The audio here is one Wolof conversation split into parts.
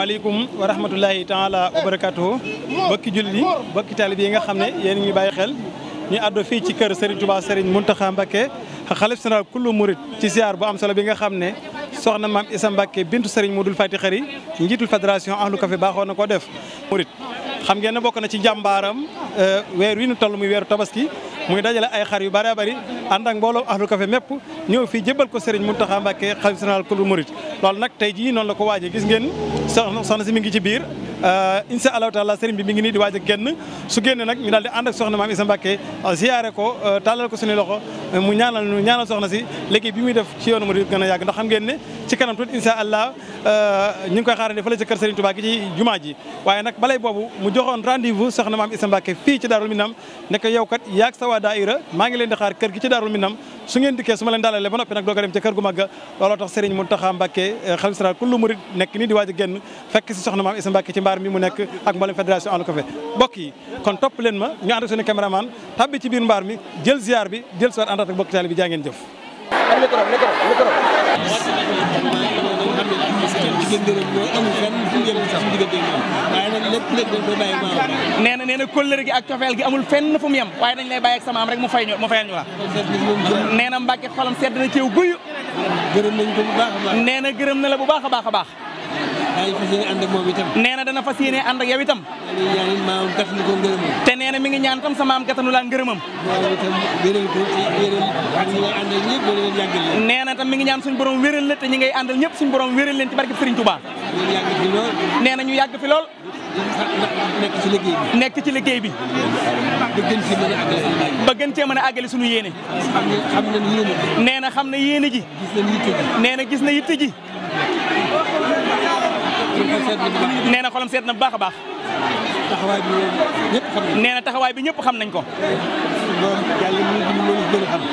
maaleykum wa rahmatulahi taala wa barakatuhu bokki jullit yi bokki taalib yi nga xam ne yéen ñuy bàyyi xel ñu àddo fii ci kër Serigne Touba Serigne Mountakha Mbacké xalif général kullu murit ci ziar bu am solo bi nga xam ne soxna maam Issa Mbacké bintu Serigne Modou Fati Khari njiitul fédération ahlu café baaxoon na ko def murit xam ngeen ne bokk na ci jàmbaaram euh, weer wi nu toll muy weeru tabaski muy dajale ay xar yu bëree bari ànd ak mbooloo ahlu café mépp ñëw fii jébbal ko Serigne Mountakha Mbacké xalif général kullu murit loolu nag tey jii noonu la ko waaje gis ngeen soxna si mi ngi ci biir euh, incha allahu taala sëriñ bi mi ngi nii di waaj a génn su génne nag ñu daal di ànd ak soxna maam Issa Mbacké euh, ziyaare ko euh, tàllal ko suñu loxo mu ñaana ñu soxna si léegi bi muy def ci yoonu murid gën a yàgg ndax xam ngeen ne ci kanam tuuti incha allah ñu ngi koy xaarandi fële ci kër sëriñ Touba gi ci jumaa ji waaye nag balay boobu mu joxoon rendez-vous soxna maam Issa Mbacké fii ci Daarul Minam nekk yow kat yaag sa waa daayira maa ngi leen de xaar kër gi ci Daarul Minam su ngeen dikkee su ma leen dalalee ba noppi nag doog a dem ca kër gu màgga looloo tax Serigne Mountakha Mbacké xalif eh, sara kullu murid nekk nii di waaj a fekk si soxna maam Issa Mbacké ci mbaar mi mu nekk ak mboolem fédération Allô bokk yi kon topp leen ma ñu ànd ak suñu caméraman tàbbi ci biir mbaar mi jël ziar bi jël soir àndaat ak bokk taali bi jaa ngeen jëf digganteeg ngërëm mooy amul fenn fu mu nee na nee na kóllëre ak cofeel gi amul fenn fu mu yem waaye dañ lay bàyyi ak rek mu fay ñu mu fayal ñu la nee na Mbàkke sedd na ceew guyu gërëm nañ ko a nee na gërëm na la bu baax a baax a baax daañu fas yéene ànd ak moom itam nee na dana fas yéene ànd ak yow itam na mi ngi ñaan tam sa maam gàttanu laan ngërëmam na tam mi ngi ñaan suñu borom wéral la te ñi ngay àndal ñëpp suñu borom wéral leen ci barke Serigne Touba nee na ñu yàgg fi lool nekk ci liggéey bi nekk ci liggéey bi ba gën cee mën a àggale suñu yéene nee na xam na yéene ji nee na gis na yitte ji nee na xolam seet na bu baax a baax. nee na taxawaay bi ñëpp xam nañ ko.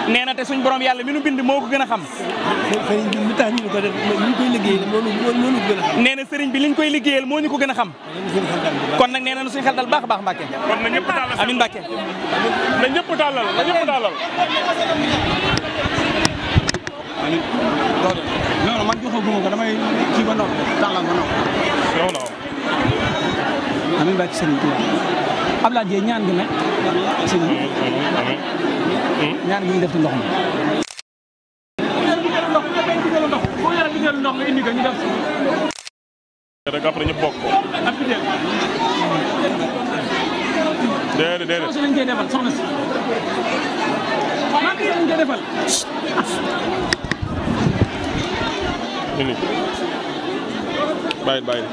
nee na te suñ borom yàlla mi nu bind moo ko gën a xam. nee na sëriñ bi liñ koy liggéeyal moo ñu ko gën a xam. kon nag nee na suñu xel dal baax a baax Mbacke. amiin Mbacke. na ñëpp tàllal na ñëpp tàllal. doxaguma ko damay kii ba noppi tàllal ba noppi. soxna woon. amiin bàcc sëriñ Tuubaa ñaan gi nag. sëriñ ñaan gi ñu def ci ndox mi. ini bàyyil bàyyil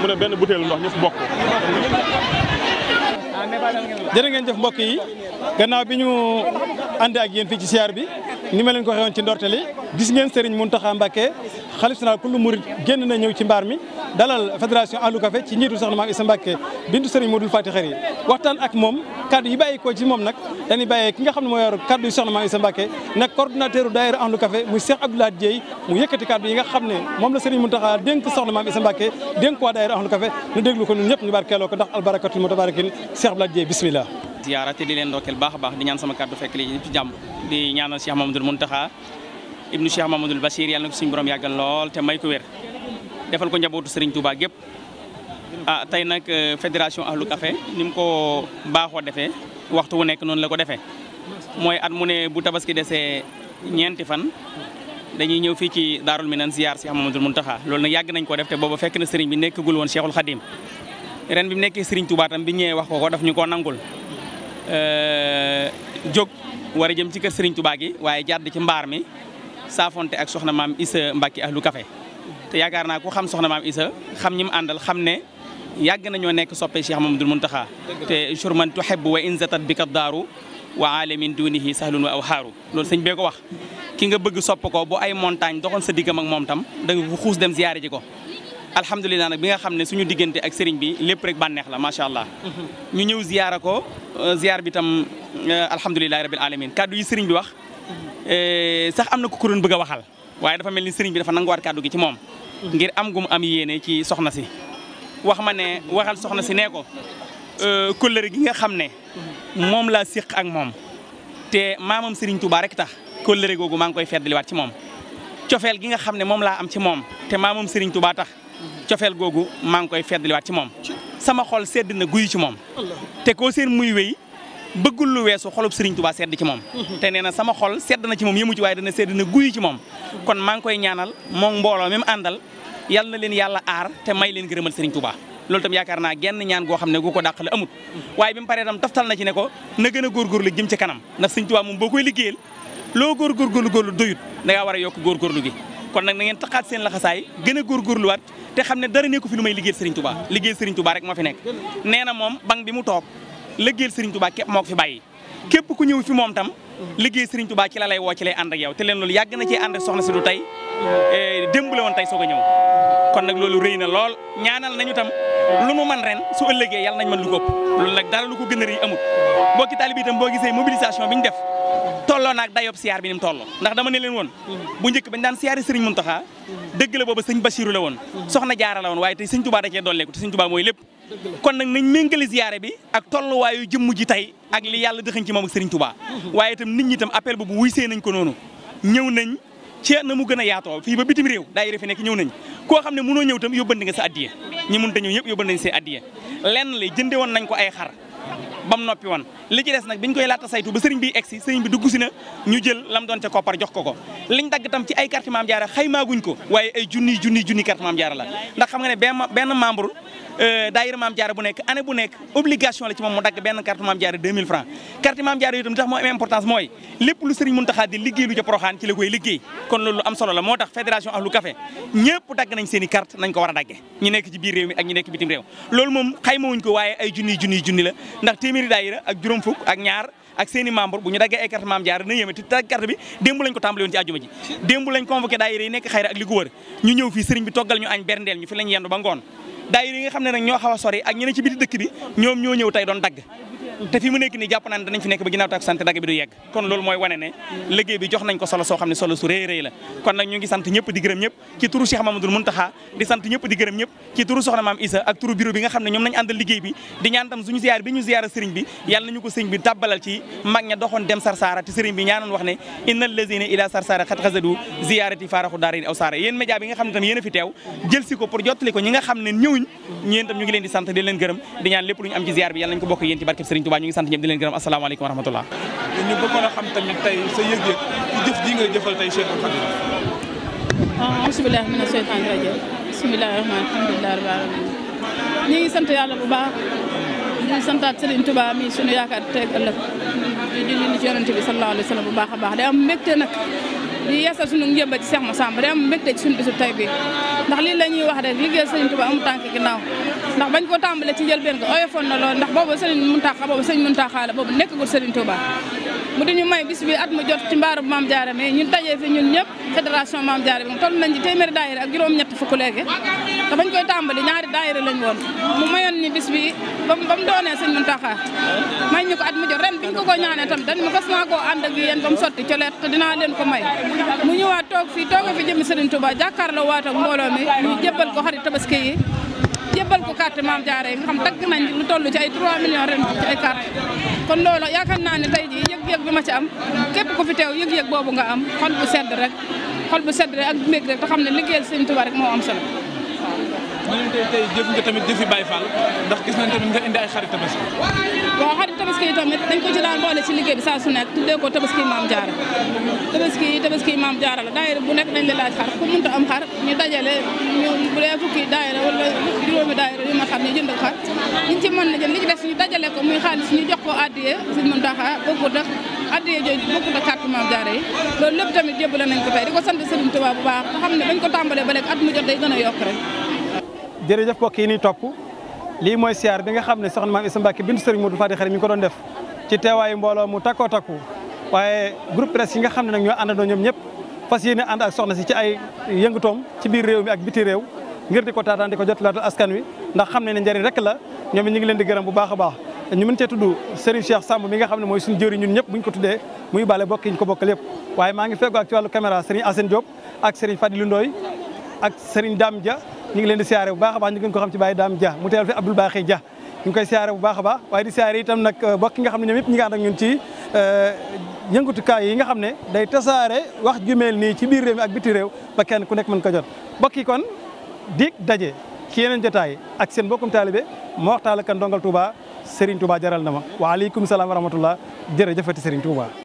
mu benn butéelu ndox ñëpp bokk jërë ngeen jëf mbokk yi gannaaw bi ñu ànd ak yéen fii ci siyaar bi ni ma leen ko waxee woon ci ndorteli gis ngeen Serigne Mountakha Mbacké xalif général kullu murid génn na ñëw ci mbaar mi dalal fédération Allou Café ci njiitu soxna Maam Issa Mbacké bintu Serigne Modou Faty Khary waxtaan ak moom kaddu yi bàyyi ko ci moom nag dañuy bàyyee ki nga xam ne moo yor kaddu yi soxna Maam Issa Mbacké nag coordonnateur u daayira Allou Café muy Cheikh Abdoulaye Dieye mu yëkkati kaddu yi nga xam ne moom la Serigne Mountakha dénk soxna Maam Issa Mbacké dénk waa daayira Allou Café ko ñun ñëpp ñu ko ndax albarakatul mutabarakin Cheikh Abdoulaye Dieye bismillah ziyaara te di leen ndokkeel baax a baax di ñaan sama kàddu fekk li ci jàmm di ñaanal Cheikh Mamadou Mountakha ibnu Cheikh Mamadou Bachir yàlla na ko suñu borom lool te may ko wér defal ko njabootu Serigne Touba gépp ah tey nag euh, fédération Ahlu Café ni mu ko baaxoo defee waxtu wu nekk noonu la ko defee mooy at mu ne bu tabaski desee ñeenti fan dañuy ñëw fii ci Daarul Minan ziar Cheikh Mamadou Mountakha loolu nag yàgg nañ ko def te booba fekk na Serigne bi nekkagul woon Cheikhul Khadim ren bi mu nekkee Serigne Touba tam bi ñëwee wax ko ko daf ñu koo nangul Euh, jóg war a jëm ci kër Serigne Touba gi waaye jàdd ci mbaar mi saafonte ak soxna maam Issa Mbacke ahlu kafe te yaakaar naa ku xam soxna maam Issa xam ñi mu àndal xam ne yàgg nañoo nekk soppe Cheikh mun Mountakha te man shurman tuhibbu wa in zatat bika daaru wa alamin dunihi sahlun wa aw xaaru loolu sëñ bee ko wax ki nga bëgg sopp ko bu ay montagne doxoon sa diggam ak moom tam da nga ko xuus dem ziyaare ji ko alhamdulilah nag bi nga xam ne suñu diggante ak sëriñ bi lépp rek bànneex la macha allah. Mm-hmm. ñu ñëw ziyaara ko euh, ziyaar bi tam euh, alhamdulilah rabil alamin kàddu yi sëriñ bi wax. Mm-hmm. Euh, sax am na ku ko doon bëgg a waxal waaye dafa mel ni sëriñ bi dafa nanguwaat kàddu gi ci moom. Mm-hmm. ngir am gum am yéene ci soxna si. wax ma ne waxal soxna si nee ko kóllëre gi nga xam ne. moom laa séq ak moom. te maamam sëriñ Touba rek tax kóllëre googu maa ngi koy feddaliwaat ci moom. gi nga xam ne moom laa am ci moom te maamam sëriñ Touba tax. cofeel googu maa ngi koy feddaliwaat ci moom sama xol sedd na guy ci moom te koo seen muy wéy bëggul lu weesu xolub Serigne Touba sedd ci moom te nee na sama xol sedd na ci moom yëmu ci waaye dana sedd na guy ci moom kon maa ngi koy ñaanal moom mbooloo mi mu àndal yal na leen yàlla aar te may leen gërëmal Serigne Touba loolu tam yaakaar naa genn ñaan goo xam ne gu ko dàq la amut waaye bi mu paree tam taftal na ci ne ko na gën góor góorgóorlu jëm ci kanam ndax s Touba boo koy liggéeyal loo góorgóorlu góorlu doyut da war a yokk góorgóorlu gi kon nag na ngeen taxaat seen laxasaay gën a góorgóorluwaat te xam ne dara nekku fi lu may liggéeyal Serigne Touba liggéeyal Serigne Touba rek moo fi nekk nee na moom bang bi mu toog liggéeyal Serigne Touba képp moo ko fi bàyyi képp ku ñëw fi moom tam liggéey Serigne Touba ci la lay woo ci lay ànd ak yow te leen loolu yàgg na cee ànd soxna si lu tey eh, démb le woon tey soog a ñëw kon nag loolu rëy na lool ñaanal nañu tam lu nu man ren su ëllëgee yàlla nañ mën lu ko loolu nag dara lu ko gën a rëy amut mbokki taalibe boo gisee mobilisation bi ñu def tolloo ak dayob siyaar bi ni mu toll ndax dama ne leen woon bu njëkk bañ daan siyaari sëriñ Muntaxa dëgg la booba sëñ Basiru la woon soxna jaara la woon waaye tey sëñ Tubaa da cee dolleeku te sëñ Tubaa mooy lépp kon nag nañ méngale siyaare bi ak tolluwaayu jëmm ji tey ak li yàlla dëxañ ci moom ak sëriñ Tubaa waaye itam nit ñi itam appel boobu wuy see nañ ko noonu ñëw nañ ci na mu gën a yaatoo fii ba bitim réew daayira fi nekk ñëw nañ koo xam ne mënoo ñëw itam yóbbandi nga sa addiya ñi mënta ñëw ñëpp yóbbandi nañ seen addiya lenn li jënde woon nañ ko ay xar ba mu noppi woon li ci des nag biñ koy laata saytu ba sëriñ bi egsi sëriñ bi dugg si ñu jël lam doon ca koppar jox ko ko liñ dagg tam ci ay carte maam jaara xaymaaguñ ko waaye ay junni junni junni carte maam jaara la ndax xam nga ne benn benn membre Euh, daayira maam jaara bu nekk année bu nekk obligation la ci moom mu dagg benn carte maam jaara 2000 francs carte maam jaara itam li tax moo am importance mooy lépp lu sëriñ Muntaxa di liggéey lu ca Poroxaan ci la koy liggéey kon loolu am solo la moo tax fédération Ahlu Café ñëpp dagg nañ seen i carte nañ ko war a dagge ñu nekk ci biir réew mi ak ñu nekk bitim ñaar ak seen i bu ñu daggee ay carte maam jaara na yéeme te tag carte bi démb ko tàmbale ci àjjuma daay yi nga xam ne nag ñoo xaw a sori ak ñi ne ci biti dëkk bi ñoom ñoo ñëw tey doon dagg te fi mu nekk nii jàpp naa ne dagg bi du yegg kon loolu mooy wane ne liggéey bi jox nañ ko solo soo xam ne solo su réy réy la kon nag ñu ngi sant ñëpp di gërëm ñëpp ci turu soxna maam Isa ak turu bi nga xam ne ñoom ne ñu ngi leen di sant di gërëm di ñaan lépp lu am ci ziyaar Touba ñu ngi sant ñëpp di leen gërëm asalaamaaleykum wa rahmatullah a xam tamit tey sa yëg-yëg ci jëf ji nga jëfal tey Cheikh Khadim ah, bismillahi mina sheytaan rajo bismillahi rahmaan alhamdulilah rabbil alamin ñu ngi sant yàlla bu baax ñu santaat Serigne Touba mi suñu yaakaar teeg ëllëg di julli ci yonente bi sallallahu alayhi wa sallam bu baax a baax day am mbégte nag di yeesal suñu njëmba ci Cheikh Massamba bisu tey bi ndax lii la ñuy wax rek liggéeyal Serigne Touba amu tànk ginnaaw ndax bañ ko tàmbale ci njëlbeen ko oyofoon na lool ndax boobu sëriñ Muntaxa boobu sëriñ Muntaxa la boobu nekkagul sëriñ Touba mu di ñu may bis bi at mu jot ci mbaaru Maam Jaara mais ñun dajee fi ñun ñëpp fédération Maam Jaara bi toll nañ ci téeméeri daayira ñett fukk léegi te koy tàmbali ñaari daayira lañ woon mu mayoon ni bis bi ba mu doonee sëñ Muntaxa may ñu ko at mu jot ren biñ ko ko ñaanee tam dañ ma fas naa ko ànd ak yéen ba mu sotti coleet te dinaa leen ko may mu ñëwaat toog fii toogee fi jëmi sëriñ Touba jàkkaarloo waat ak mbooloo mi ñu jébbal ko xarit tabaski carte maam jaare yi nga xam dagg nañ toll ci ay 3 millions ren ci ay carte kon loolu yaakaar naa ne tey ji yëg-yëg bi ma ci am képp ko fi teew yëg-yëg boobu nga am xol bu sedd rek xol bu sedd rek ak mbég rek te xam ne liggéeyal sëñ Tuubaa rek moo am solo waaw. ñu ngi tey tey jëf gis nañ tamit nga indi ay xarit Tabaski waaw xarit tabaski tamit dañ ko ci daan boole ci liggéey bi saa su nekk tuddee ko tabaski maam jaara tabaski tabaski maam jaara la daayira bu nekk dañ la laaj xar ku mënta am xar ñu dajale ñu bu dee fukki daayira wala juróomi daayira yu xam ñu jënd xar liñ ci mën na li ci des ñu dajale ko muy xaalis ñu jox ko addiye si mën taxa bokkut ak addiye jooju bokkut ak carte maam jaara yi loolu lépp tamit jébbale nañ ko tey di sant Sëriñ Tuubaa bu xam ne dañ ko tàmbalee ba léegi at mu jot day gën a yokk rek jërëjëf ni topp lii mooy siyaar bi nga xam ne soxna maam Issa Mbacke bintu Serigne Modou Fadi Xari mi ngi ko doon def ci teewaayu mbooloo mu takku waaye groupe presse yi nga xam ne nag ñoo àndandoo ñoom ñëpp fas yéene ànd ak soxna si ci ci biir réew mi ak biti réew ngir di ko taataan di ko jotalaatal askan wi ndax xam ne ne njëriñ rek la ñoom it ñu ngi leen di gërëm bu baax a baax ñu mën cee tudd Serigne Cheikh Samb mi nga xam ne mooy suñu jëriñ ñun ñëpp buñ ko tuddee muy bale bokk ko bokkal yëpp waaye maa ngi feggu ak ci wàllu caméra Serigne Assane Diop ak Serigne ak Serigne daam Dia ñu ngi leen di siyaare bu baax a baax ñu gën ko xam ci Baye Dame Dia mu teewal fi Abdoul koy siyaare bu baax a baax waaye di siyaare itam nag euh, bokk nga xam ne ñoom yëpp ñi nga ànd ak ñun ci euh, yi nga xam ne day tasaare wax ju mel nii ci biir réew mi ak biti réew ba kenn ku nekk mën ko jot bokk yi kon dig daje ci yeneen jotaay ak seen bokkum taalibe moo waxtaan ak ndongal Touba Serigne Touba jaral na ma waaleykum salaam wa rahmatullah jërëjëfati seriñ Touba